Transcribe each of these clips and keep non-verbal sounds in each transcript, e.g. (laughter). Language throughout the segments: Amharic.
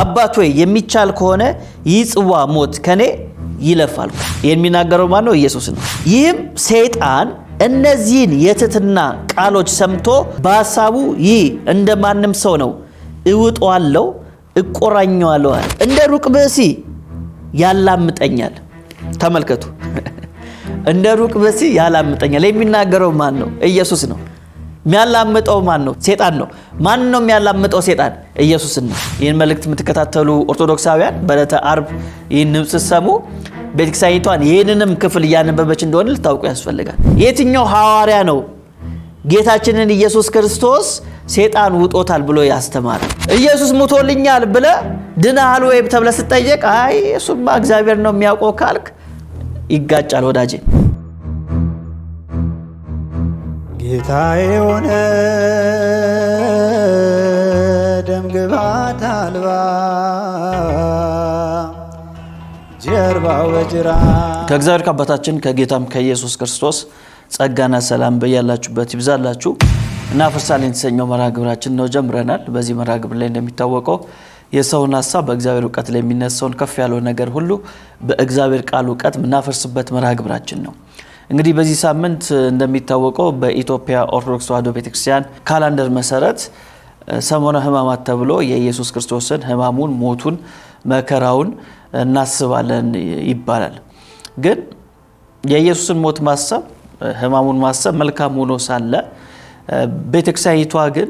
አባት የሚቻል ከሆነ ይህ ጽዋ ሞት ከኔ ይለፋል። የሚናገረው ማን ነው? ኢየሱስ ነው። ይህም ሰይጣን እነዚህን የትትና ቃሎች ሰምቶ በሀሳቡ ይህ እንደ ማንም ሰው ነው አለው እቆራኝ አለ። እንደ ሩቅ በሲ ያላምጠኛል። ተመልከቱ፣ (laughs) እንደ ሩቅ በሲ ያላምጠኛል። የሚናገረው ማን ነው? ኢየሱስ ነው። የሚያላምጠው ማን ነው? ሴጣን ነው። ማን ነው የሚያላምጠው? ሴጣን ኢየሱስ ነው። ይህን መልእክት የምትከታተሉ ኦርቶዶክሳውያን በዕለተ አርብ ይህን ድምፅ ሰሙ ቤተክርስቲያኒቷን ይህንንም ክፍል እያነበበች እንደሆነ ልታውቁ ያስፈልጋል። የትኛው ሐዋርያ ነው ጌታችንን ኢየሱስ ክርስቶስ ሴጣን ውጦታል ብሎ ያስተማረ ኢየሱስ ሙቶልኛል ብለ ድናሃል ወይ ተብለ ስጠየቅ አይ እሱማ እግዚአብሔር ነው የሚያውቀው ካልክ ይጋጫል ወዳጄ። ጌታ የሆነ ደምግባት አልባ ጀርባ በጅራ ከእግዚአብሔር ከአባታችን ከጌታም ከኢየሱስ ክርስቶስ ጸጋና ሰላም በያላችሁበት ይብዛላችሁ እና ፍርሳሌን የተሰኘው መርሃ ግብራችን ነው ጀምረናል። በዚህ መርሃ ግብር ላይ እንደሚታወቀው የሰውን ሀሳብ በእግዚአብሔር እውቀት ላይ የሚነሳውን ከፍ ያለው ነገር ሁሉ በእግዚአብሔር ቃል እውቀት የምናፈርስበት መርሃ ግብራችን ነው። እንግዲህ በዚህ ሳምንት እንደሚታወቀው በኢትዮጵያ ኦርቶዶክስ ተዋህዶ ቤተክርስቲያን ካላንደር መሰረት ሰሞነ ሕማማት ተብሎ የኢየሱስ ክርስቶስን ሕማሙን፣ ሞቱን፣ መከራውን እናስባለን ይባላል። ግን የኢየሱስን ሞት ማሰብ ህማሙን ማሰብ መልካም ሆኖ ሳለ ቤተክርስቲያኒቷ ግን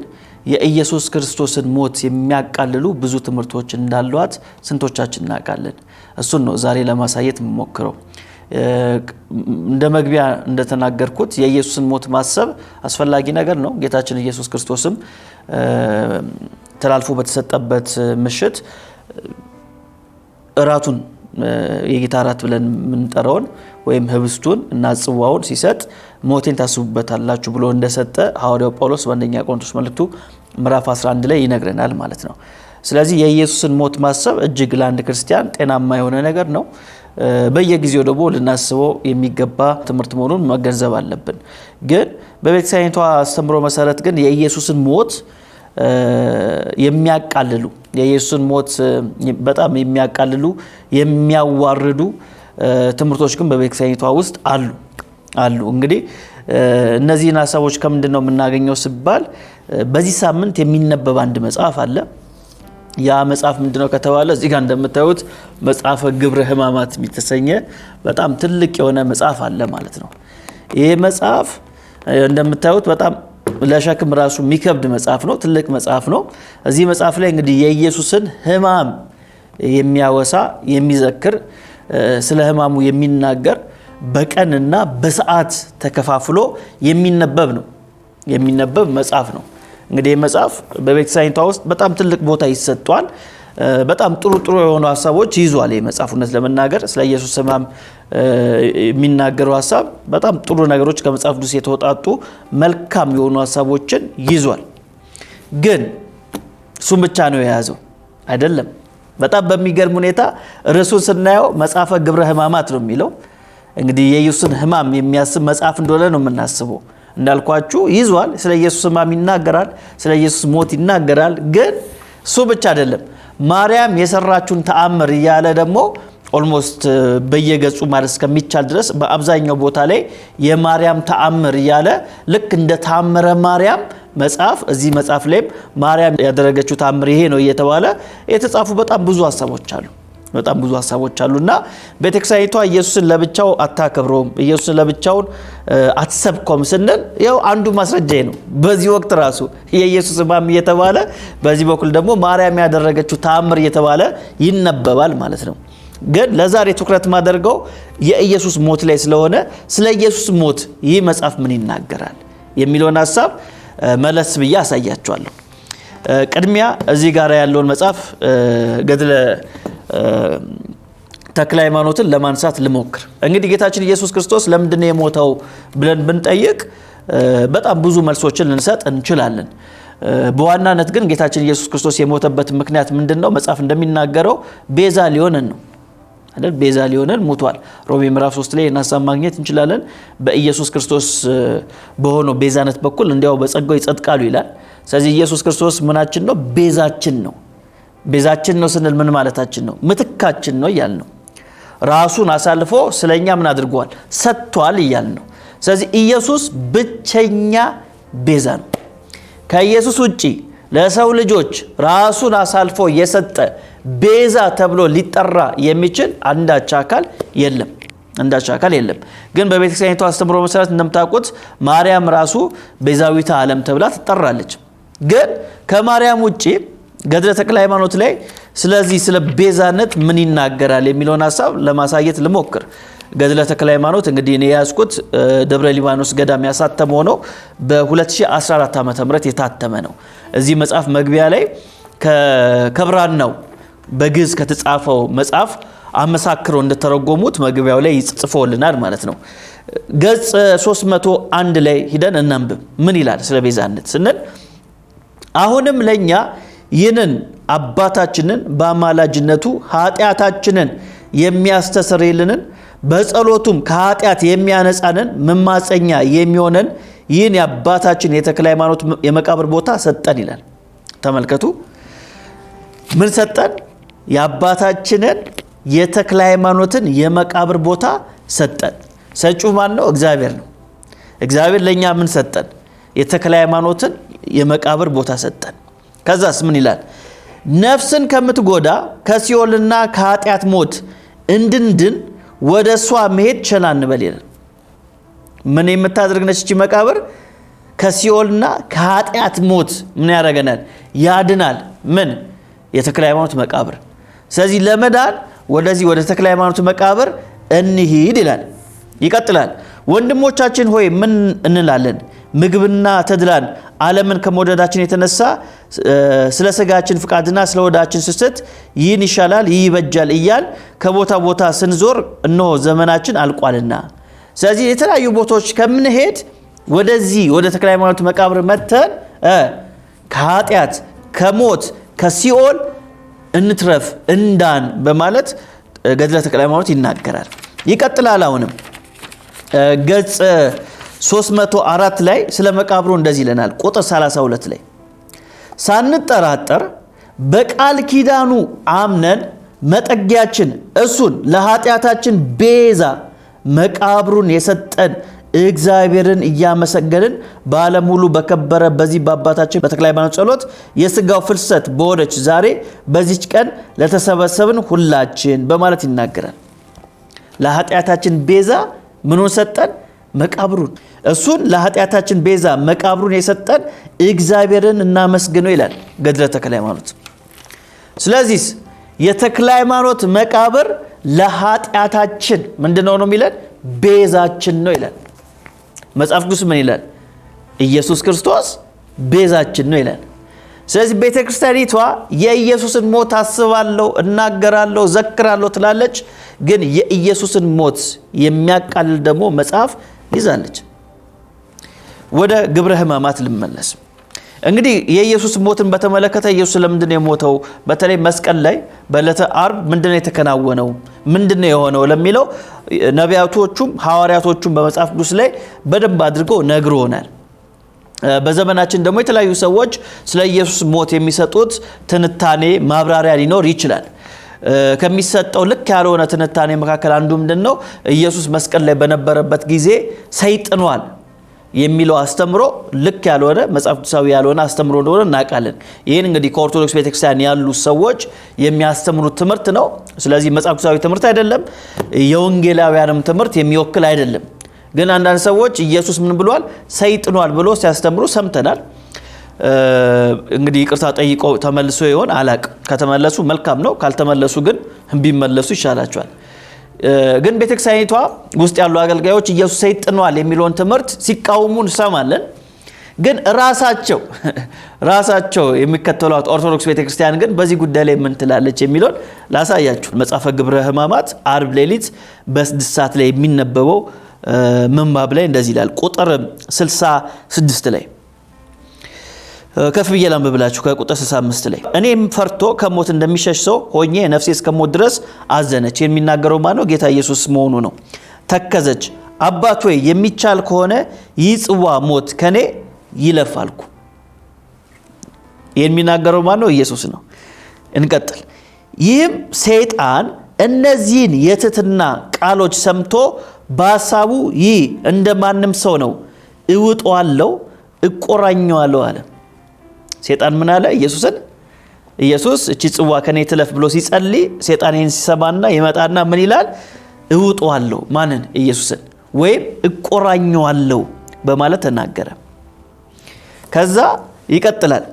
የኢየሱስ ክርስቶስን ሞት የሚያቃልሉ ብዙ ትምህርቶች እንዳሏት ስንቶቻችን እናውቃለን? እሱን ነው ዛሬ ለማሳየት የምሞክረው። እንደ መግቢያ እንደተናገርኩት የኢየሱስን ሞት ማሰብ አስፈላጊ ነገር ነው። ጌታችን ኢየሱስ ክርስቶስም ተላልፎ በተሰጠበት ምሽት እራቱን የጌታ እራት ብለን የምንጠራውን ወይም ህብስቱን እና ጽዋውን ሲሰጥ ሞቴን ታስቡበታላችሁ ብሎ እንደሰጠ ሐዋርያው ጳውሎስ በአንደኛ ቆሮንቶስ መልእክቱ ምዕራፍ 11 ላይ ይነግረናል ማለት ነው። ስለዚህ የኢየሱስን ሞት ማሰብ እጅግ ለአንድ ክርስቲያን ጤናማ የሆነ ነገር ነው። በየጊዜው ደግሞ ልናስበው የሚገባ ትምህርት መሆኑን መገንዘብ አለብን። ግን በቤተ አስተምሮ መሰረት ግን የኢየሱስን ሞት የሚያቃልሉ የኢየሱስን ሞት በጣም የሚያቃልሉ የሚያዋርዱ ትምህርቶች ግን በቤተክርስቲያኒቷ ውስጥ አሉ አሉ። እንግዲህ እነዚህን ሀሳቦች ከምንድን ነው የምናገኘው ሲባል በዚህ ሳምንት የሚነበብ አንድ መጽሐፍ አለ። ያ መጽሐፍ ምንድነው ነው ከተባለ እዚህ ጋር እንደምታዩት መጽሐፈ ግብረ ሕማማት የተሰኘ በጣም ትልቅ የሆነ መጽሐፍ አለ ማለት ነው። ይሄ መጽሐፍ እንደምታዩት በጣም ለሸክም ራሱ የሚከብድ መጽሐፍ ነው። ትልቅ መጽሐፍ ነው። እዚህ መጽሐፍ ላይ እንግዲህ የኢየሱስን ሕማም የሚያወሳ የሚዘክር ስለ ህማሙ የሚናገር በቀንና በሰዓት ተከፋፍሎ የሚነበብ ነው የሚነበብ መጽሐፍ ነው። እንግዲህ መጽሐፍ በቤተ ሳይንቷ ውስጥ በጣም ትልቅ ቦታ ይሰጧል። በጣም ጥሩ ጥሩ የሆኑ ሀሳቦች ይዟል። የመጽሐፍ ለመናገር ስለ ኢየሱስ ህማም የሚናገረው ሀሳብ በጣም ጥሩ ነገሮች ከመጽሐፍ ቅዱስ የተወጣጡ መልካም የሆኑ ሀሳቦችን ይዟል። ግን እሱም ብቻ ነው የያዘው አይደለም። በጣም በሚገርም ሁኔታ ርዕሱን ስናየው መጽሐፈ ግብረ ሕማማት ነው የሚለው። እንግዲህ የኢየሱስን ሕማም የሚያስብ መጽሐፍ እንደሆነ ነው የምናስበው። እንዳልኳችሁ ይዟል። ስለ ኢየሱስ ሕማም ይናገራል፣ ስለ ኢየሱስ ሞት ይናገራል። ግን እሱ ብቻ አይደለም። ማርያም የሰራችውን ተአምር እያለ ደግሞ ኦልሞስት በየገጹ ማለት እስከሚቻል ድረስ በአብዛኛው ቦታ ላይ የማርያም ተአምር እያለ ልክ እንደ ተአምረ ማርያም መጽሐፍ እዚህ መጽሐፍ ላይም ማርያም ያደረገችው ታምር ይሄ ነው እየተባለ የተጻፉ በጣም ብዙ ሀሳቦች አሉ። በጣም ብዙ ሀሳቦች እና ቤተክርስቲያኒቷ ኢየሱስን ለብቻው አታከብረውም፣ ኢየሱስን ለብቻውን አትሰብኮም ስንል ያው አንዱ ማስረጃ ነው። በዚህ ወቅት ራሱ የኢየሱስ ሕማም እየተባለ በዚህ በኩል ደግሞ ማርያም ያደረገችው ተአምር እየተባለ ይነበባል ማለት ነው። ግን ለዛሬ ትኩረት ማደርገው የኢየሱስ ሞት ላይ ስለሆነ ስለ ኢየሱስ ሞት ይህ መጽሐፍ ምን ይናገራል የሚለውን ሀሳብ መለስ ብዬ አሳያቸዋለሁ ቅድሚያ እዚህ ጋር ያለውን መጽሐፍ ገድለ ተክለ ሃይማኖትን ለማንሳት ልሞክር። እንግዲህ ጌታችን ኢየሱስ ክርስቶስ ለምንድነው የሞተው ብለን ብንጠይቅ በጣም ብዙ መልሶችን ልንሰጥ እንችላለን። በዋናነት ግን ጌታችን ኢየሱስ ክርስቶስ የሞተበት ምክንያት ምንድን ነው? መጽሐፍ እንደሚናገረው ቤዛ ሊሆንን ነው። አይደል ቤዛ ሊሆነን ሙቷል። ሮሜ ምዕራፍ 3 ላይ ሀሳብ ማግኘት እንችላለን። በኢየሱስ ክርስቶስ በሆነው ቤዛነት በኩል እንዲያው በጸጋው ይጸድቃሉ ይላል። ስለዚህ ኢየሱስ ክርስቶስ ምናችን ነው? ቤዛችን ነው። ቤዛችን ነው ስንል ምን ማለታችን ነው? ምትካችን ነው እያል ነው። ራሱን አሳልፎ ስለኛ ምን አድርጓል? ሰጥቷል እያል ነው። ስለዚህ ኢየሱስ ብቸኛ ቤዛ ነው። ከኢየሱስ ውጪ ለሰው ልጆች ራሱን አሳልፎ የሰጠ ቤዛ ተብሎ ሊጠራ የሚችል አንዳች አካል የለም አንዳች አካል የለም። ግን በቤተክርስቲያኒቱ አስተምሮ መሰረት እንደምታውቁት ማርያም ራሱ ቤዛዊተ ዓለም ተብላ ትጠራለች። ግን ከማርያም ውጭ ገድለ ተክለ ሃይማኖት ላይ ስለዚህ ስለ ቤዛነት ምን ይናገራል የሚለውን ሀሳብ ለማሳየት ልሞክር። ገድለ ተክለ ሃይማኖት እንግዲህ እኔ የያዝኩት ደብረ ሊባኖስ ገዳም ያሳተመ ነው በ2014 ዓ ም የታተመ ነው። እዚህ መጽሐፍ መግቢያ ላይ ነው። በግዕዝ ከተጻፈው መጽሐፍ አመሳክሮ እንደተረጎሙት መግቢያው ላይ ጽፎልናል ማለት ነው። ገጽ 301 ላይ ሂደን እናንብብ። ምን ይላል ስለ ቤዛነት ስንል አሁንም ለእኛ ይህንን አባታችንን በአማላጅነቱ ኃጢአታችንን የሚያስተሰርይልንን በጸሎቱም ከኃጢአት የሚያነጻንን መማፀኛ የሚሆነን ይህን የአባታችን የተክለ ሃይማኖት የመቃብር ቦታ ሰጠን ይላል። ተመልከቱ ምን ሰጠን? የአባታችንን የተክለ ሃይማኖትን የመቃብር ቦታ ሰጠን። ሰጪው ማን ነው? እግዚአብሔር ነው። እግዚአብሔር ለእኛ ምን ሰጠን? የተክለ ሃይማኖትን የመቃብር ቦታ ሰጠን። ከዛስ ምን ይላል? ነፍስን ከምትጎዳ ከሲኦልና ከኃጢአት ሞት እንድንድን ወደ እሷ መሄድ ችላ እንበል ይላል። ምን የምታደርግ ነች እቺ መቃብር? ከሲኦልና ከኃጢአት ሞት ምን ያደረገናል? ያድናል። ምን የተክለ ሃይማኖት መቃብር ስለዚህ ለመዳን ወደዚህ ወደ ተክለ ሃይማኖት መቃብር እንሂድ ይላል። ይቀጥላል። ወንድሞቻችን ሆይ ምን እንላለን? ምግብና ተድላን ዓለምን ከመውደዳችን የተነሳ ስለ ስጋችን ፍቃድና ስለ ወዳችን ስስት ይህን ይሻላል፣ ይህ ይበጃል እያል ከቦታ ቦታ ስንዞር እነሆ ዘመናችን አልቋልና። ስለዚህ የተለያዩ ቦታዎች ከምንሄድ ወደዚህ ወደ ተክለ ሃይማኖት መቃብር መተን ከኃጢአት ከሞት ከሲኦል እንትረፍ፣ እንዳን በማለት ገድለ ተክለ ሃይማኖት ይናገራል። ይቀጥላል። አሁንም ገጽ 304 ላይ ስለ መቃብሩ እንደዚህ ይለናል። ቁጥር 32 ላይ ሳንጠራጠር በቃል ኪዳኑ አምነን መጠጊያችን እሱን ለኃጢአታችን ቤዛ መቃብሩን የሰጠን እግዚአብሔርን እያመሰገንን ባለሙሉ በከበረ በዚህ በአባታችን በተክለ ባነ ጸሎት የስጋው ፍልሰት በሆነች ዛሬ በዚች ቀን ለተሰበሰብን ሁላችን በማለት ይናገራል። ለኃጢአታችን ቤዛ ምኑን ሰጠን? መቃብሩን። እሱን ለኃጢአታችን ቤዛ መቃብሩን የሰጠን እግዚአብሔርን እናመስግነው ይላል ገድለ ተክለ ሃይማኖት። ስለዚህ የተክለ ሃይማኖት መቃብር ለኃጢአታችን ምንድነው ነው ነው የሚለን ቤዛችን ነው ይላል። መጽሐፍ ቅዱስ ምን ይላል? ኢየሱስ ክርስቶስ ቤዛችን ነው ይላል። ስለዚህ ቤተ ክርስቲያኒቷ የኢየሱስን ሞት አስባለሁ፣ እናገራለሁ፣ ዘክራለሁ ትላለች። ግን የኢየሱስን ሞት የሚያቃልል ደግሞ መጽሐፍ ይዛለች። ወደ ግብረ ሕማማት ልመለስ። እንግዲህ የኢየሱስ ሞትን በተመለከተ ኢየሱስ ለምንድን ነው የሞተው? በተለይ መስቀል ላይ በዕለተ አርብ ምንድን ነው የተከናወነው? ምንድነው ነው የሆነው ለሚለው ነቢያቶቹም ሐዋርያቶቹም በመጽሐፍ ቅዱስ ላይ በደንብ አድርገው ነግሮናል። በዘመናችን ደግሞ የተለያዩ ሰዎች ስለ ኢየሱስ ሞት የሚሰጡት ትንታኔ ማብራሪያ ሊኖር ይችላል። ከሚሰጠው ልክ ያልሆነ ትንታኔ መካከል አንዱ ምንድን ነው ኢየሱስ መስቀል ላይ በነበረበት ጊዜ ሰይጥኗል የሚለው አስተምሮ ልክ ያልሆነ መጽሐፍ ቅዱሳዊ ያልሆነ አስተምሮ እንደሆነ እናውቃለን። ይህን እንግዲህ ከኦርቶዶክስ ቤተክርስቲያን ያሉ ሰዎች የሚያስተምሩት ትምህርት ነው። ስለዚህ መጽሐፍ ቅዱሳዊ ትምህርት አይደለም፣ የወንጌላውያንም ትምህርት የሚወክል አይደለም። ግን አንዳንድ ሰዎች ኢየሱስ ምን ብሏል፣ ሰይጥኗል ብሎ ሲያስተምሩ ሰምተናል። እንግዲህ ይቅርታ ጠይቆ ተመልሶ ይሆን አላቅ ከተመለሱ መልካም ነው፣ ካልተመለሱ ግን ቢመለሱ ይሻላቸዋል። ግን ቤተክርስቲያኒቷ ውስጥ ያሉ አገልጋዮች ኢየሱስ ሰይጥኗል የሚለውን ትምህርት ሲቃወሙ እንሰማለን። ግን ራሳቸው (laughs) ራሳቸው የሚከተሏት ኦርቶዶክስ ቤተክርስቲያን ግን በዚህ ጉዳይ ላይ ምን ትላለች የሚለውን ላሳያችሁ። መጽሐፈ ግብረ ሕማማት አርብ ሌሊት በስድስት ሰዓት ላይ የሚነበበው ምንባብ ላይ እንደዚህ ይላል ቁጥር 66 ላይ ከፍ ብዬ ላንብብላችሁ ከቁጥር 65 ላይ እኔም ፈርቶ ከሞት እንደሚሸሽ ሰው ሆኜ ነፍሴ እስከሞት ድረስ አዘነች። የሚናገረው ማን ነው? ጌታ ኢየሱስ መሆኑ ነው። ተከዘች። አባት ወይ የሚቻል ከሆነ ይህ ጽዋ ሞት ከኔ ይለፍ አልኩ። የሚናገረው ማን ነው? ኢየሱስ ነው። እንቀጥል። ይህም ሰይጣን እነዚህን የትትና ቃሎች ሰምቶ በሀሳቡ ይህ እንደ ማንም ሰው ነው፣ እውጠዋለሁ፣ እቆራኘዋለሁ አለም ሴጣን ምን አለ ኢየሱስን? ኢየሱስ እቺ ጽዋ ከኔ ትለፍ ብሎ ሲጸልይ ሴጣን ይህን ሲሰማና ይመጣና ምን ይላል? እውጠዋለሁ ማንን? ኢየሱስን ወይም እቆራኘዋለሁ በማለት ተናገረ። ከዛ ይቀጥላል።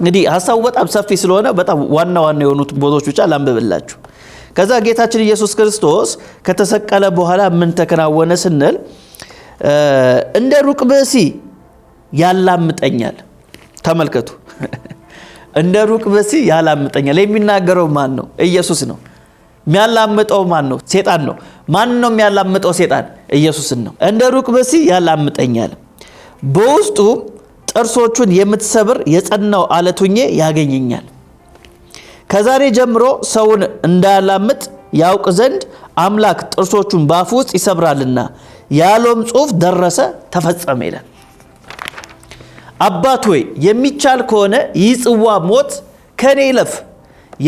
እንግዲህ ሀሳቡ በጣም ሰፊ ስለሆነ በጣም ዋና ዋና የሆኑት ቦታዎች ብቻ ላንብብላችሁ። ከዛ ጌታችን ኢየሱስ ክርስቶስ ከተሰቀለ በኋላ ምን ተከናወነ ስንል እንደ ሩቅ ብእሲ ያላምጠኛል ተመልከቱ። እንደ ሩቅ በሲ ያላምጠኛል። የሚናገረው ማን ነው? ኢየሱስ ነው። የሚያላምጠው ማን ነው? ሴጣን ነው። ማን ነው የሚያላምጠው? ሴጣን ኢየሱስን ነው። እንደ ሩቅ በሲ ያላምጠኛል፣ በውስጡ ጥርሶቹን የምትሰብር የጸናው አለቱኜ ያገኘኛል። ከዛሬ ጀምሮ ሰውን እንዳያላምጥ ያውቅ ዘንድ አምላክ ጥርሶቹን በአፉ ውስጥ ይሰብራልና ያለውም ጽሑፍ ደረሰ፣ ተፈጸመ ይላል። አባት ሆይ የሚቻል ከሆነ ይህ ጽዋ ሞት ከእኔ ይለፍ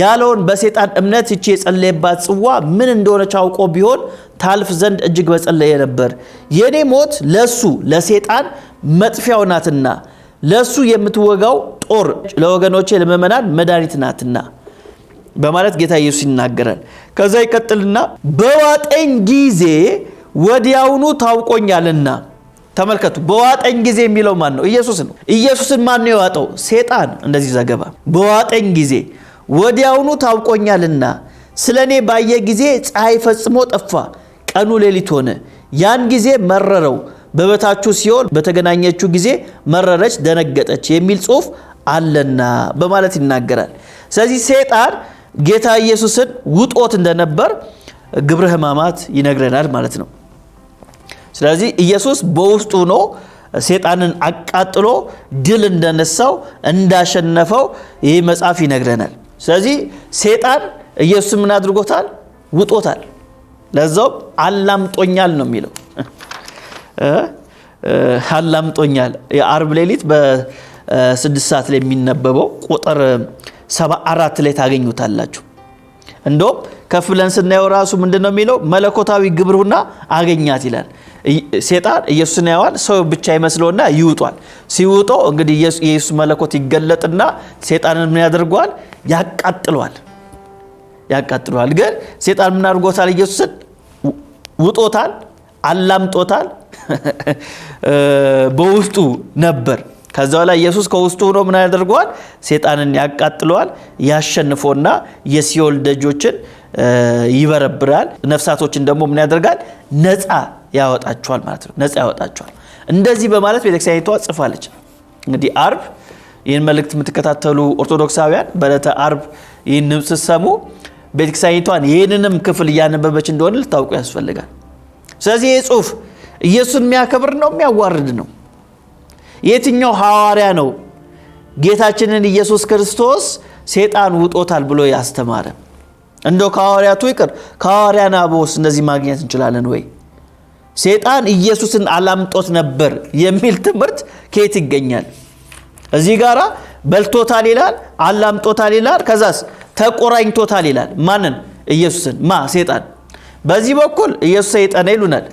ያለውን በሴጣን እምነት ይቺ የጸለየባት ጽዋ ምን እንደሆነች አውቆ ቢሆን ታልፍ ዘንድ እጅግ በጸለየ ነበር። የእኔ ሞት ለሱ ለሴጣን መጥፊያው ናትና ለሱ የምትወጋው ጦር ለወገኖቼ ለመመናን መድኃኒት ናትና በማለት ጌታ ኢየሱስ ይናገራል። ከዛ ይቀጥልና በዋጠኝ ጊዜ ወዲያውኑ ታውቆኛልና ተመልከቱ። በዋጠኝ ጊዜ የሚለው ማን ነው? ኢየሱስ ነው። ኢየሱስን ማን ነው የዋጠው? ሴጣን። እንደዚህ ዘገባ በዋጠኝ ጊዜ ወዲያውኑ ታውቆኛልና ስለ እኔ ባየ ጊዜ ፀሐይ ፈጽሞ ጠፋ፣ ቀኑ ሌሊት ሆነ። ያን ጊዜ መረረው፣ በበታችሁ ሲሆን በተገናኘችው ጊዜ መረረች፣ ደነገጠች የሚል ጽሑፍ አለና በማለት ይናገራል። ስለዚህ ሴጣን ጌታ ኢየሱስን ውጦት እንደነበር ግብረ ሕማማት ይነግረናል ማለት ነው። ስለዚህ ኢየሱስ በውስጡ ሆኖ ሴጣንን አቃጥሎ ድል እንደነሳው እንዳሸነፈው ይህ መጽሐፍ ይነግረናል። ስለዚህ ሴጣን ኢየሱስ ምን አድርጎታል? ውጦታል። ለዛውም አላምጦኛል ነው የሚለው አላምጦኛል። የአርብ ሌሊት በስድስት ሰዓት ላይ የሚነበበው ቁጥር ሰባ አራት ላይ ታገኙታላችሁ። እንደውም ከፍ ብለን ስናየው ራሱ ምንድን ነው የሚለው መለኮታዊ ግብርና አገኛት ይላል። ሴጣን ኢየሱስን ያዋል ሰው ብቻ ይመስለውና ይውጧል። ሲውጦ እንግዲህ የኢየሱስ መለኮት ይገለጥና ሴጣንን ምን ያደርገዋል? ያቃጥለዋል ያቃጥለዋል። ግን ሴጣን ምን አድርጎታል? ኢየሱስን ውጦታል፣ አላምጦታል። (laughs) በውስጡ ነበር። ከዛ በኋላ ኢየሱስ ከውስጡ ሆኖ ምን ያደርገዋል? ሴጣንን ያቃጥለዋል። ያሸንፎና የሲኦል ደጆችን ይበረብራል። ነፍሳቶችን ደግሞ ምን ያደርጋል? ነፃ ያወጣቸዋል ማለት ነው። ነፃ ያወጣቸዋል። እንደዚህ በማለት ቤተክርስቲያኒቷ ጽፋለች። እንግዲህ አርብ ይህን መልእክት የምትከታተሉ ኦርቶዶክሳውያን በዕለተ አርብ ይህን ስትሰሙ ቤተክርስቲያኒቷን ይህንንም ክፍል እያነበበች እንደሆነ ልታውቁ ያስፈልጋል። ስለዚህ ይህ ጽሁፍ ኢየሱስን የሚያከብር ነው የሚያዋርድ ነው? የትኛው ሐዋርያ ነው ጌታችንን ኢየሱስ ክርስቶስ ሴጣን ውጦታል ብሎ ያስተማረ? እንደው ከሐዋርያቱ ይቅር ከሐዋርያን አበውስ እንደዚህ ማግኘት እንችላለን ወይ? ሴጣን ኢየሱስን አላምጦት ነበር የሚል ትምህርት ከየት ይገኛል? እዚህ ጋር በልቶታል ይላል፣ አላምጦታል ይላል፣ ከዛስ ተቆራኝቶታል ይላል። ማንን? ኢየሱስን። ማ? ሴጣን። በዚህ በኩል ኢየሱስ ሰይጠነ ይሉናል፣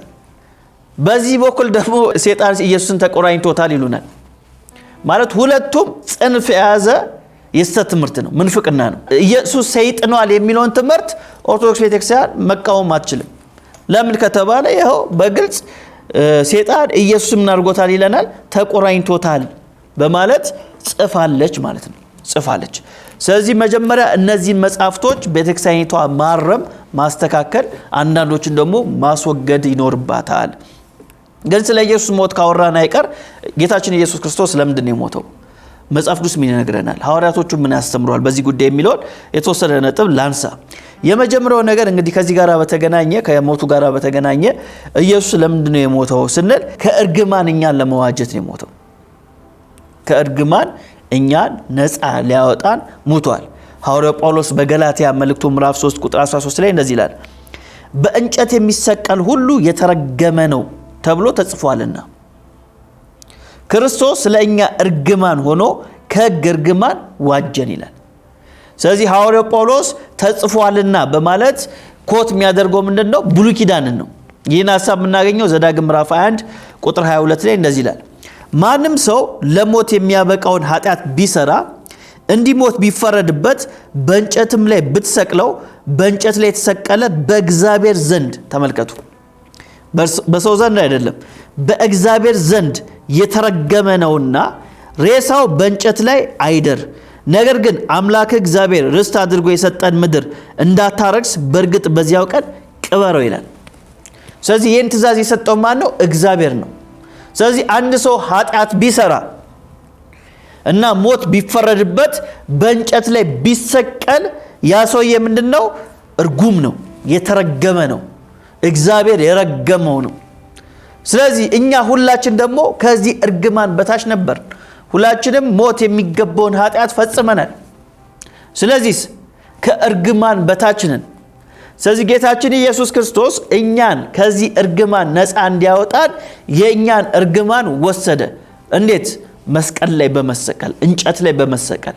በዚህ በኩል ደግሞ ሴጣን ኢየሱስን ተቆራኝቶታል ይሉናል። ማለት ሁለቱም ጽንፍ የያዘ የስተት ትምህርት ነው፣ ምንፍቅና ነው። ኢየሱስ ሰይጥኗል የሚለውን ትምህርት ኦርቶዶክስ ቤተክርስቲያን መቃወም አትችልም። ለምን ከተባለ ይኸው በግልጽ ሴጣን ኢየሱስ ምን አድርጎታል ይለናል፣ ተቆራኝቶታል በማለት ጽፋለች ማለት ነው። ጽፋለች። ስለዚህ መጀመሪያ እነዚህን መጽሐፍቶች ቤተክርስቲያኒቷ ማረም፣ ማስተካከል፣ አንዳንዶችን ደግሞ ማስወገድ ይኖርባታል። ግን ስለ ኢየሱስ ሞት ካወራን አይቀር ጌታችን ኢየሱስ ክርስቶስ ለምንድን ነው የሞተው? መጽሐፍ ቅዱስ ምን ይነግረናል? ሐዋርያቶቹ ምን ያስተምረዋል በዚህ ጉዳይ የሚለውን የተወሰነ ነጥብ ላንሳ። የመጀመሪያው ነገር እንግዲህ ከዚህ ጋር በተገናኘ ከሞቱ ጋር በተገናኘ ኢየሱስ ለምንድን ነው የሞተው ስንል ከእርግማን እኛን ለመዋጀት ነው የሞተው። ከእርግማን እኛን ነፃ ሊያወጣን ሙቷል። ሐዋርያው ጳውሎስ በገላትያ መልእክቱ ምዕራፍ 3 ቁጥር 13 ላይ እንደዚህ ይላል፣ በእንጨት የሚሰቀል ሁሉ የተረገመ ነው ተብሎ ተጽፏልና ክርስቶስ ለእኛ እርግማን ሆኖ ከሕግ እርግማን ዋጀን ይላል። ስለዚህ ሐዋርያው ጳውሎስ ተጽፏልና በማለት ኮት የሚያደርገው ምንድን ነው? ብሉይ ኪዳንን ነው። ይህን ሀሳብ የምናገኘው ዘዳግም ምዕራፍ 21 ቁጥር 22 ላይ እንደዚህ ይላል፣ ማንም ሰው ለሞት የሚያበቃውን ኃጢአት ቢሰራ እንዲሞት ቢፈረድበት በእንጨትም ላይ ብትሰቅለው በእንጨት ላይ የተሰቀለ በእግዚአብሔር ዘንድ ተመልከቱ፣ በሰው ዘንድ አይደለም፣ በእግዚአብሔር ዘንድ የተረገመ ነውና ሬሳው በእንጨት ላይ አይደር። ነገር ግን አምላክ እግዚአብሔር ርስት አድርጎ የሰጠን ምድር እንዳታረግስ በእርግጥ በዚያው ቀን ቅበረው ይላል። ስለዚህ ይህን ትእዛዝ የሰጠው ማን ነው? እግዚአብሔር ነው። ስለዚህ አንድ ሰው ኃጢአት ቢሰራ እና ሞት ቢፈረድበት በእንጨት ላይ ቢሰቀል ያ ሰውዬ ምንድን ነው? እርጉም ነው፣ የተረገመ ነው፣ እግዚአብሔር የረገመው ነው። ስለዚህ እኛ ሁላችን ደግሞ ከዚህ እርግማን በታች ነበር። ሁላችንም ሞት የሚገባውን ኃጢአት ፈጽመናል። ስለዚህ ከእርግማን በታች ስለዚህ ጌታችን ኢየሱስ ክርስቶስ እኛን ከዚህ እርግማን ነፃ እንዲያወጣን የእኛን እርግማን ወሰደ። እንዴት? መስቀል ላይ በመሰቀል እንጨት ላይ በመሰቀል።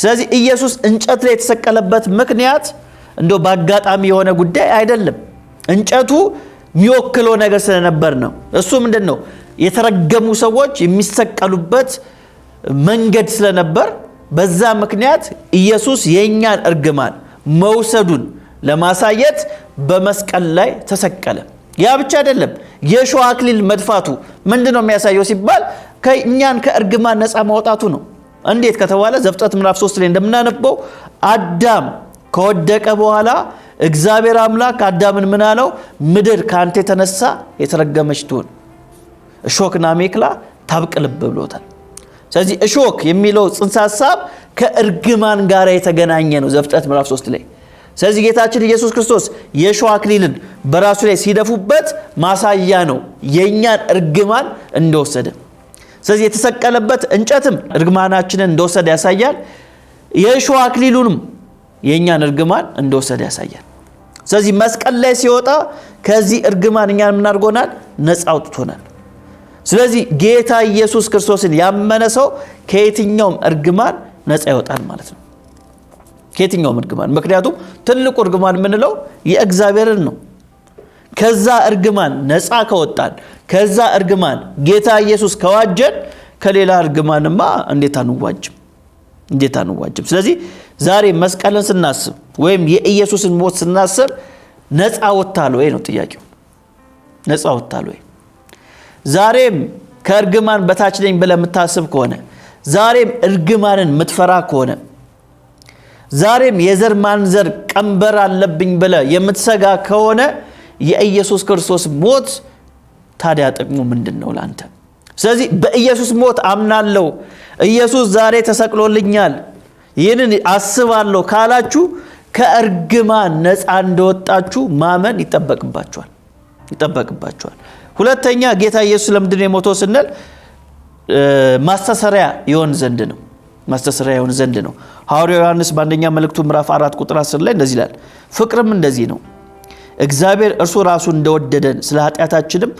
ስለዚህ ኢየሱስ እንጨት ላይ የተሰቀለበት ምክንያት እንደ በአጋጣሚ የሆነ ጉዳይ አይደለም። እንጨቱ የሚወክለው ነገር ስለነበር ነው። እሱ ምንድን ነው? የተረገሙ ሰዎች የሚሰቀሉበት መንገድ ስለነበር በዛ ምክንያት ኢየሱስ የእኛን እርግማን መውሰዱን ለማሳየት በመስቀል ላይ ተሰቀለ። ያ ብቻ አይደለም። የሸዋ አክሊል መድፋቱ ምንድን ነው የሚያሳየው ሲባል ከእኛን ከእርግማን ነፃ ማውጣቱ ነው። እንዴት ከተባለ ዘፍጥረት ምዕራፍ 3 ላይ እንደምናነበው አዳም ከወደቀ በኋላ እግዚአብሔር አምላክ አዳምን ምን አለው? ምድር ከአንተ የተነሳ የተረገመች ትሁን፣ እሾክና አሜከላ ታብቅልብ ብሎታል። ስለዚህ እሾክ የሚለው ጽንሰ ሀሳብ ከእርግማን ጋር የተገናኘ ነው ዘፍጥረት ምዕራፍ 3 ላይ። ስለዚህ ጌታችን ኢየሱስ ክርስቶስ የእሾህ አክሊልን በራሱ ላይ ሲደፉበት ማሳያ ነው የእኛን እርግማን እንደወሰደ። ስለዚህ የተሰቀለበት እንጨትም እርግማናችንን እንደወሰደ ያሳያል። የእሾህ አክሊሉንም የእኛን እርግማን እንደወሰደ ያሳያል። ስለዚህ መስቀል ላይ ሲወጣ ከዚህ እርግማን እኛን ምን ነፃ አውጥቶናል። ስለዚህ ጌታ ኢየሱስ ክርስቶስን ያመነ ሰው ከየትኛውም እርግማን ነፃ ይወጣል ማለት ነው። ከየትኛውም እርግማን ምክንያቱም ትልቁ እርግማን የምንለው የእግዚአብሔርን ነው። ከዛ እርግማን ነፃ ከወጣን፣ ከዛ እርግማን ጌታ ኢየሱስ ከዋጀን፣ ከሌላ እርግማንማ እንዴት አንዋጅም? እንዴት አንዋጅም? ስለዚህ ዛሬ መስቀልን ስናስብ ወይም የኢየሱስን ሞት ስናስብ ነፃ ወጥታል ወይ ነው ጥያቄው። ነፃ ወጥታል ወይ? ዛሬም ከእርግማን በታች ነኝ ብለ የምታስብ ከሆነ ዛሬም እርግማንን የምትፈራ ከሆነ ዛሬም የዘር ማንዘር ቀንበር አለብኝ ብለ የምትሰጋ ከሆነ የኢየሱስ ክርስቶስ ሞት ታዲያ ጥቅሙ ምንድን ነው ለአንተ? ስለዚህ በኢየሱስ ሞት አምናለው ኢየሱስ ዛሬ ተሰቅሎልኛል ይህንን አስባለሁ ካላችሁ ከእርግማን ነፃ እንደወጣችሁ ማመን ይጠበቅባችኋል ይጠበቅባችኋል። ሁለተኛ ጌታ ኢየሱስ ለምድን የሞቶ ስንል ማስተሰሪያ የሆን ዘንድ ነው። ማስተሰሪያ የሆን ዘንድ ነው። ሐዋርያው ዮሐንስ በአንደኛ መልእክቱ ምዕራፍ አራት ቁጥር አስር ላይ እንደዚህ ይላል፣ ፍቅርም እንደዚህ ነው እግዚአብሔር እርሱ ራሱ እንደወደደን ስለ ኃጢአታችንም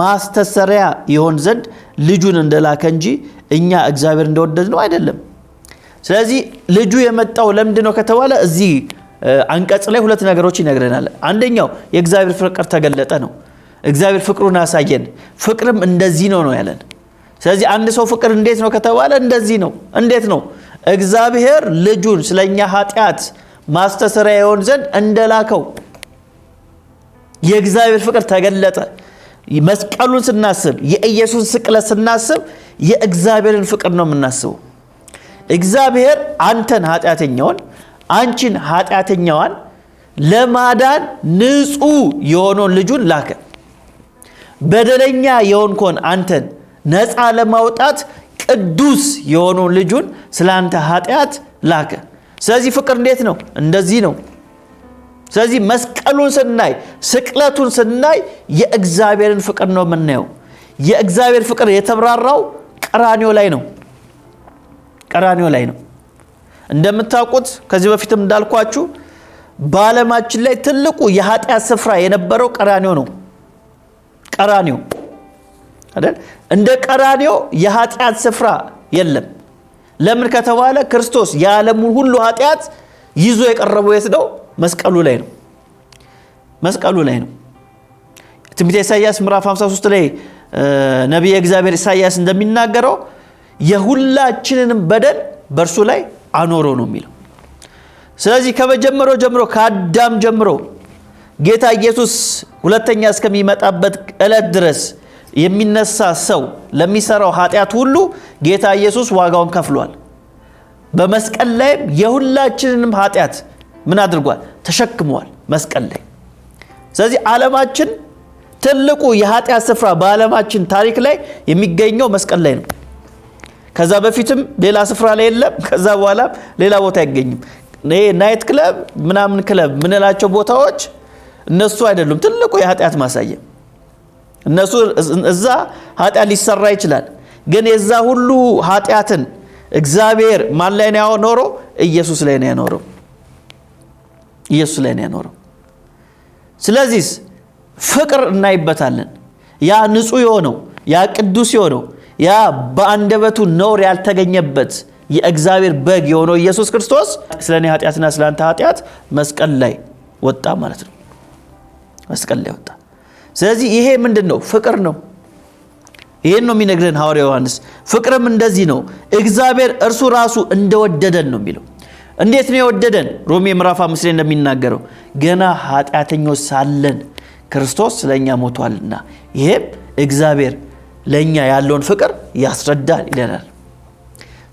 ማስተሰሪያ የሆን ዘንድ ልጁን እንደላከ እንጂ እኛ እግዚአብሔር እንደወደድ ነው አይደለም። ስለዚህ ልጁ የመጣው ለምንድን ነው ከተባለ እዚህ አንቀጽ ላይ ሁለት ነገሮች ይነግረናል። አንደኛው የእግዚአብሔር ፍቅር ተገለጠ ነው። እግዚአብሔር ፍቅሩን አሳየን። ፍቅርም እንደዚህ ነው ነው ያለን። ስለዚህ አንድ ሰው ፍቅር እንዴት ነው ከተባለ እንደዚህ ነው። እንዴት ነው? እግዚአብሔር ልጁን ስለኛ ኃጢአት ማስተሰሪያ የሆን ዘንድ እንደላከው የእግዚአብሔር ፍቅር ተገለጠ። መስቀሉን ስናስብ፣ የኢየሱስ ስቅለት ስናስብ የእግዚአብሔርን ፍቅር ነው የምናስበው። እግዚአብሔር አንተን ኃጢአተኛውን አንቺን ኃጢአተኛዋን ለማዳን ንጹ የሆነውን ልጁን ላከ። በደለኛ የሆንኮን አንተን ነፃ ለማውጣት ቅዱስ የሆነውን ልጁን ስለ አንተ ኃጢአት ላከ። ስለዚህ ፍቅር እንዴት ነው? እንደዚህ ነው። ስለዚህ መስቀሉን ስናይ፣ ስቅለቱን ስናይ የእግዚአብሔርን ፍቅር ነው የምናየው። የእግዚአብሔር ፍቅር የተብራራው ቀራንዮ ላይ ነው። ቀራኒዮ ላይ ነው። እንደምታውቁት ከዚህ በፊትም እንዳልኳችሁ በዓለማችን ላይ ትልቁ የኃጢአት ስፍራ የነበረው ቀራኒዮ ነው። ቀራኒዮ አይደል? እንደ ቀራኒዮ የኃጢአት ስፍራ የለም። ለምን ከተባለ ክርስቶስ የዓለሙን ሁሉ ኃጢአት ይዞ የቀረበው የት ነው? መስቀሉ ላይ ነው። መስቀሉ ላይ ነው። ትንቢተ ኢሳይያስ ምዕራፍ 53 ላይ ነቢየ እግዚአብሔር ኢሳይያስ እንደሚናገረው የሁላችንንም በደል በእርሱ ላይ አኖሮ ነው የሚለው። ስለዚህ ከመጀመሮ ጀምሮ ከአዳም ጀምሮ ጌታ ኢየሱስ ሁለተኛ እስከሚመጣበት ዕለት ድረስ የሚነሳ ሰው ለሚሰራው ኃጢአት ሁሉ ጌታ ኢየሱስ ዋጋውን ከፍሏል። በመስቀል ላይም የሁላችንንም ኃጢአት ምን አድርጓል? ተሸክሟል መስቀል ላይ። ስለዚህ ዓለማችን ትልቁ የኃጢአት ስፍራ በዓለማችን ታሪክ ላይ የሚገኘው መስቀል ላይ ነው። ከዛ በፊትም ሌላ ስፍራ ላይ የለም። ከዛ በኋላ ሌላ ቦታ አይገኝም። ይሄ ናይት ክለብ ምናምን ክለብ ምንላቸው ቦታዎች እነሱ አይደሉም ትልቁ የኃጢአት ማሳያ። እነሱ እዛ ኃጢአት ሊሰራ ይችላል፣ ግን የዛ ሁሉ ኃጢአትን እግዚአብሔር ማን ላይ ነው ያኖረው? ኢየሱስ ላይ ነው ያኖረው። ኢየሱስ ላይ ነው ያኖረው። ስለዚህ ፍቅር እናይበታለን። ያ ንጹህ የሆነው ያ ቅዱስ የሆነው ያ በአንደበቱ ነውር ያልተገኘበት የእግዚአብሔር በግ የሆነው ኢየሱስ ክርስቶስ ስለ እኔ ኃጢአትና ስለ አንተ ኃጢአት መስቀል ላይ ወጣ ማለት ነው። መስቀል ላይ ወጣ። ስለዚህ ይሄ ምንድን ነው? ፍቅር ነው። ይህን ነው የሚነግረን ሐዋርያ ዮሐንስ። ፍቅርም እንደዚህ ነው፣ እግዚአብሔር እርሱ ራሱ እንደወደደን ነው የሚለው። እንዴት ነው የወደደን? ሮሜ ምዕራፍ አምስት ላይ እንደሚናገረው ገና ኃጢአተኞች ሳለን ክርስቶስ እኛ ሞቷልና ይሄም እግዚአብሔር ለእኛ ያለውን ፍቅር ያስረዳል ይለናል።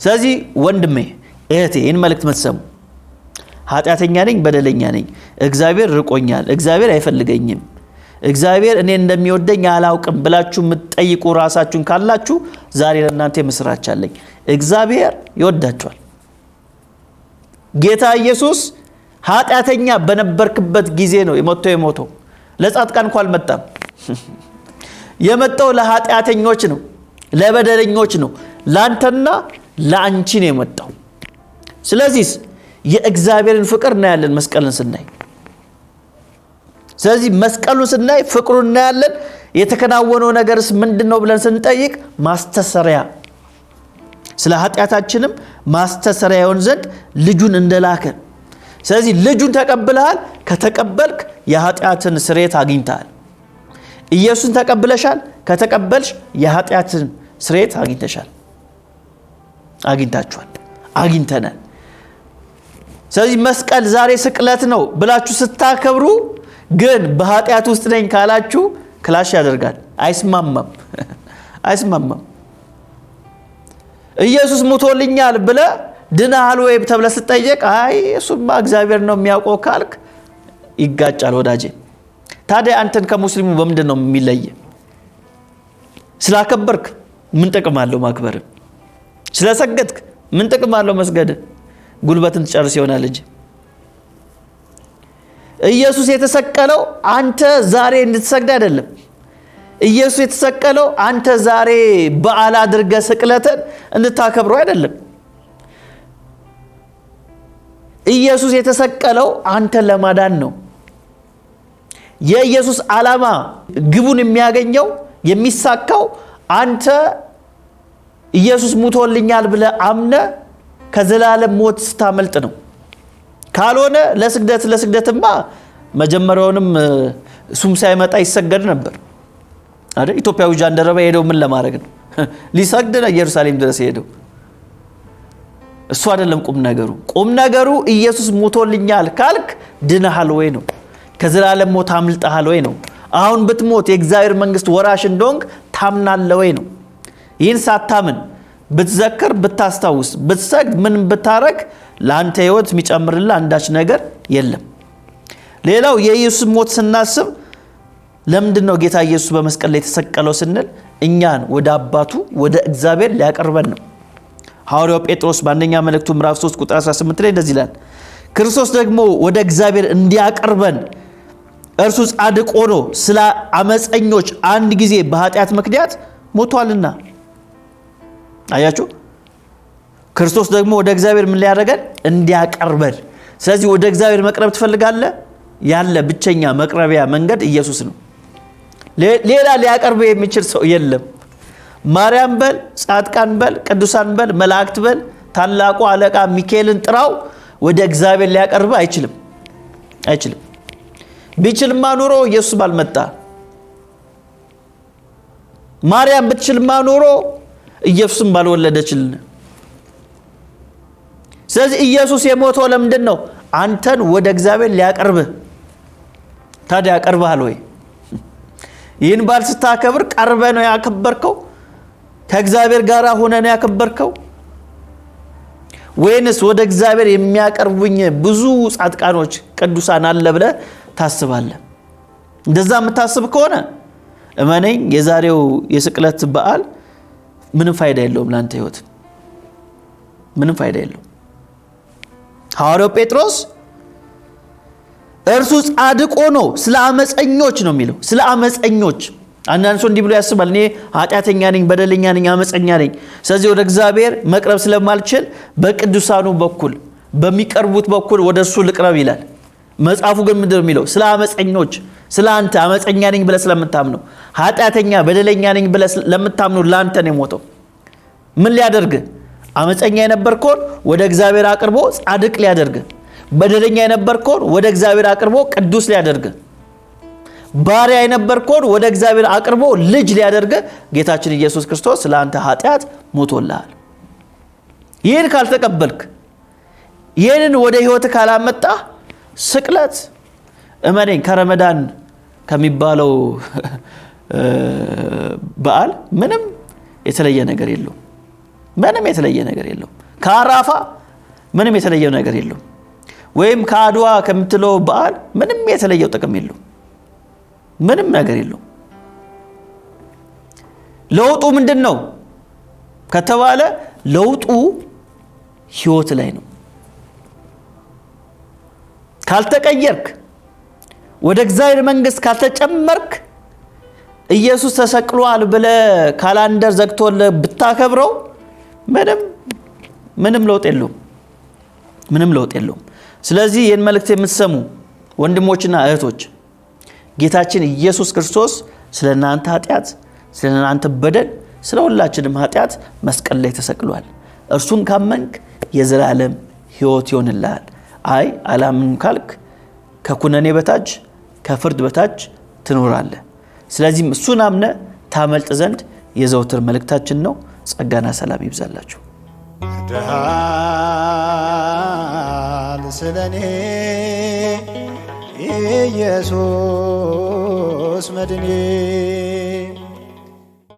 ስለዚህ ወንድሜ እህቴ፣ ይህን መልእክት የምትሰሙ ኃጢአተኛ ነኝ፣ በደለኛ ነኝ፣ እግዚአብሔር ርቆኛል፣ እግዚአብሔር አይፈልገኝም፣ እግዚአብሔር እኔ እንደሚወደኝ አላውቅም ብላችሁ የምትጠይቁ ራሳችሁን ካላችሁ ዛሬ ለእናንተ ምስራች አለኝ። እግዚአብሔር ይወዳችኋል። ጌታ ኢየሱስ ኃጢአተኛ በነበርክበት ጊዜ ነው የሞተው የሞተው ለጻድቃን እንኳ አልመጣም። የመጣው ለኃጢአተኞች ነው፣ ለበደለኞች ነው። ላንተና ለአንቺ ነው የመጣው። ስለዚህ የእግዚአብሔርን ፍቅር እናያለን መስቀልን ስናይ። ስለዚህ መስቀሉን ስናይ ፍቅሩን እናያለን። የተከናወነው ነገርስ ምንድን ነው ብለን ስንጠይቅ ማስተሰሪያ ስለ ኃጢአታችንም ማስተሰሪያ ይሆን ዘንድ ልጁን እንደላከ ስለዚህ ልጁን ተቀብለሃል። ከተቀበልክ የኃጢአትን ስሬት አግኝተሃል። ኢየሱስን ተቀብለሻል። ከተቀበልሽ የኃጢአትን ስርየት አግኝተሻል፣ አግኝታችኋል፣ አግኝተናል። ስለዚህ መስቀል ዛሬ ስቅለት ነው ብላችሁ ስታከብሩ ግን በኃጢአት ውስጥ ነኝ ካላችሁ ክላሽ ያደርጋል። አይስማማም፣ (laughs) አይስማማም። ኢየሱስ ሙቶልኛል ብለ ድናሃል ወይ ተብለ ስጠየቅ አይ እሱማ እግዚአብሔር ነው የሚያውቀው ካልክ ይጋጫል ወዳጄ። ታዲያ አንተን ከሙስሊሙ በምንድን ነው የሚለይ? ስላከበርክ ምን ጥቅም አለው ማክበር? ስለሰገድክ ምን ጥቅም አለው መስገድ? ጉልበትን ትጨርስ ይሆናል እንጂ ኢየሱስ የተሰቀለው አንተ ዛሬ እንድትሰግድ አይደለም። ኢየሱስ የተሰቀለው አንተ ዛሬ በዓል አድርገ ስቅለትን እንድታከብረው አይደለም። ኢየሱስ የተሰቀለው አንተ ለማዳን ነው። የኢየሱስ ዓላማ ግቡን የሚያገኘው የሚሳካው አንተ ኢየሱስ ሙቶልኛል ብለ አምነ ከዘላለም ሞት ስታመልጥ ነው። ካልሆነ ለስግደት ለስግደትማ መጀመሪያውንም እሱም ሳይመጣ ይሰገድ ነበር አይደል? ኢትዮጵያዊ ጃንደረባ የሄደው ምን ለማድረግ ነው? (laughs) ሊሰግድ ነው ኢየሩሳሌም ድረስ የሄደው። እሱ አይደለም ቁም ነገሩ። ቁም ነገሩ ኢየሱስ ሙቶልኛል ካልክ ድነሃል ወይ ነው። ከዘላለም ሞት አምልጠሃል ወይ ነው። አሁን ብትሞት የእግዚአብሔር መንግስት ወራሽ እንደሆንክ ታምናለ ወይ ነው። ይህን ሳታምን ብትዘክር፣ ብታስታውስ፣ ብትሰግድ፣ ምን ብታረግ ለአንተ ህይወት የሚጨምርልህ አንዳች ነገር የለም። ሌላው የኢየሱስ ሞት ስናስብ ለምንድን ነው ጌታ ኢየሱስ በመስቀል ላይ የተሰቀለው ስንል እኛን ወደ አባቱ ወደ እግዚአብሔር ሊያቀርበን ነው። ሐዋርያው ጴጥሮስ በአንደኛ መልእክቱ ምዕራፍ 3 ቁጥር 18 ላይ እንደዚህ ይላል፣ ክርስቶስ ደግሞ ወደ እግዚአብሔር እንዲያቀርበን እርሱ ጻድቅ ሆኖ ስለ አመፀኞች አንድ ጊዜ በኃጢአት ምክንያት ሞቷልና። አያችሁ፣ ክርስቶስ ደግሞ ወደ እግዚአብሔር ምን ሊያደርገን? እንዲያቀርበን። ስለዚህ ወደ እግዚአብሔር መቅረብ ትፈልጋለ ያለ ብቸኛ መቅረቢያ መንገድ ኢየሱስ ነው። ሌላ ሊያቀርብ የሚችል ሰው የለም። ማርያም በል፣ ጻድቃን በል፣ ቅዱሳን በል፣ መላእክት በል፣ ታላቁ አለቃ ሚካኤልን ጥራው፣ ወደ እግዚአብሔር ሊያቀርብ አይችልም አይችልም። ቢችልማ ኑሮ ኢየሱስ ባልመጣ። ማርያም ብትችልማ ኑሮ ኢየሱስም ባልወለደችልን። ስለዚህ ኢየሱስ የሞተው ለምንድን ነው? አንተን ወደ እግዚአብሔር ሊያቀርብህ። ታዲያ ያቀርብሃል ወይ? ይህን በዓል ስታከብር ቀርበ ነው ያከበርከው? ከእግዚአብሔር ጋር ሆነ ነው ያከበርከው? ወይንስ ወደ እግዚአብሔር የሚያቀርቡኝ ብዙ ጻድቃኖች ቅዱሳን አለ ብለህ ታስባለህ። እንደዛ የምታስብ ከሆነ እመነኝ የዛሬው የስቅለት በዓል ምንም ፋይዳ የለውም ለአንተ ህይወት ምንም ፋይዳ የለውም። ሐዋርያው ጴጥሮስ እርሱ ጻድቆ ነው ስለ አመፀኞች ነው የሚለው። ስለ አመፀኞች አንዳንድ ሰው እንዲህ ብሎ ያስባል፣ እኔ ኃጢአተኛ ነኝ፣ በደለኛ ነኝ፣ አመፀኛ ነኝ። ስለዚህ ወደ እግዚአብሔር መቅረብ ስለማልችል በቅዱሳኑ በኩል በሚቀርቡት በኩል ወደ እሱ ልቅረብ ይላል። መጽሐፉ ግን ምንድን የሚለው? ስለ አመፀኞች ስለ አንተ አመፀኛ ነኝ ብለህ ስለምታምነው ኃጢአተኛ በደለኛ ነኝ ብለህ ለምታምነው ለአንተ ነው የሞተው። ምን ሊያደርግ? አመፀኛ የነበርከውን ወደ እግዚአብሔር አቅርቦ ጻድቅ ሊያደርግ፣ በደለኛ የነበርከውን ወደ እግዚአብሔር አቅርቦ ቅዱስ ሊያደርግ፣ ባሪያ የነበርከውን ወደ እግዚአብሔር አቅርቦ ልጅ ሊያደርግ ጌታችን ኢየሱስ ክርስቶስ ስለ አንተ ኃጢአት ሞቶልሃል። ይህን ካልተቀበልክ፣ ይህንን ወደ ህይወት ካላመጣ ስቅለት እመኔን ከረመዳን ከሚባለው (laughs) በዓል ምንም የተለየ ነገር የለውም። ምንም የተለየ ነገር የለውም። ከአራፋ ምንም የተለየው ነገር የለውም። ወይም ከአድዋ ከምትለው በዓል ምንም የተለየው ጥቅም የለውም። ምንም ነገር የለውም። ለውጡ ምንድን ነው ከተባለ ለውጡ ህይወት ላይ ነው። ካልተቀየርክ፣ ወደ እግዚአብሔር መንግስት ካልተጨመርክ፣ ኢየሱስ ተሰቅሏል ብለ ካላንደር ዘግቶል ብታከብረው ምንም ምንም ለውጥ የለውም። ምንም ለውጥ የለውም። ስለዚህ ይህን መልእክት የምትሰሙ ወንድሞችና እህቶች ጌታችን ኢየሱስ ክርስቶስ ስለ እናንተ ኃጢአት፣ ስለ እናንተ በደል፣ ስለ ሁላችንም ኃጢአት መስቀል ላይ ተሰቅሏል። እርሱን ካመንክ የዘላለም ህይወት ይሆንልሃል። አይ አላምንም ካልክ ከኩነኔ በታች ከፍርድ በታች ትኖራለህ። ስለዚህም እሱን አምነ ታመልጥ ዘንድ የዘውትር መልእክታችን ነው። ጸጋና ሰላም ይብዛላችሁ። ዳል ስለኔ ኢየሱስ መድኔ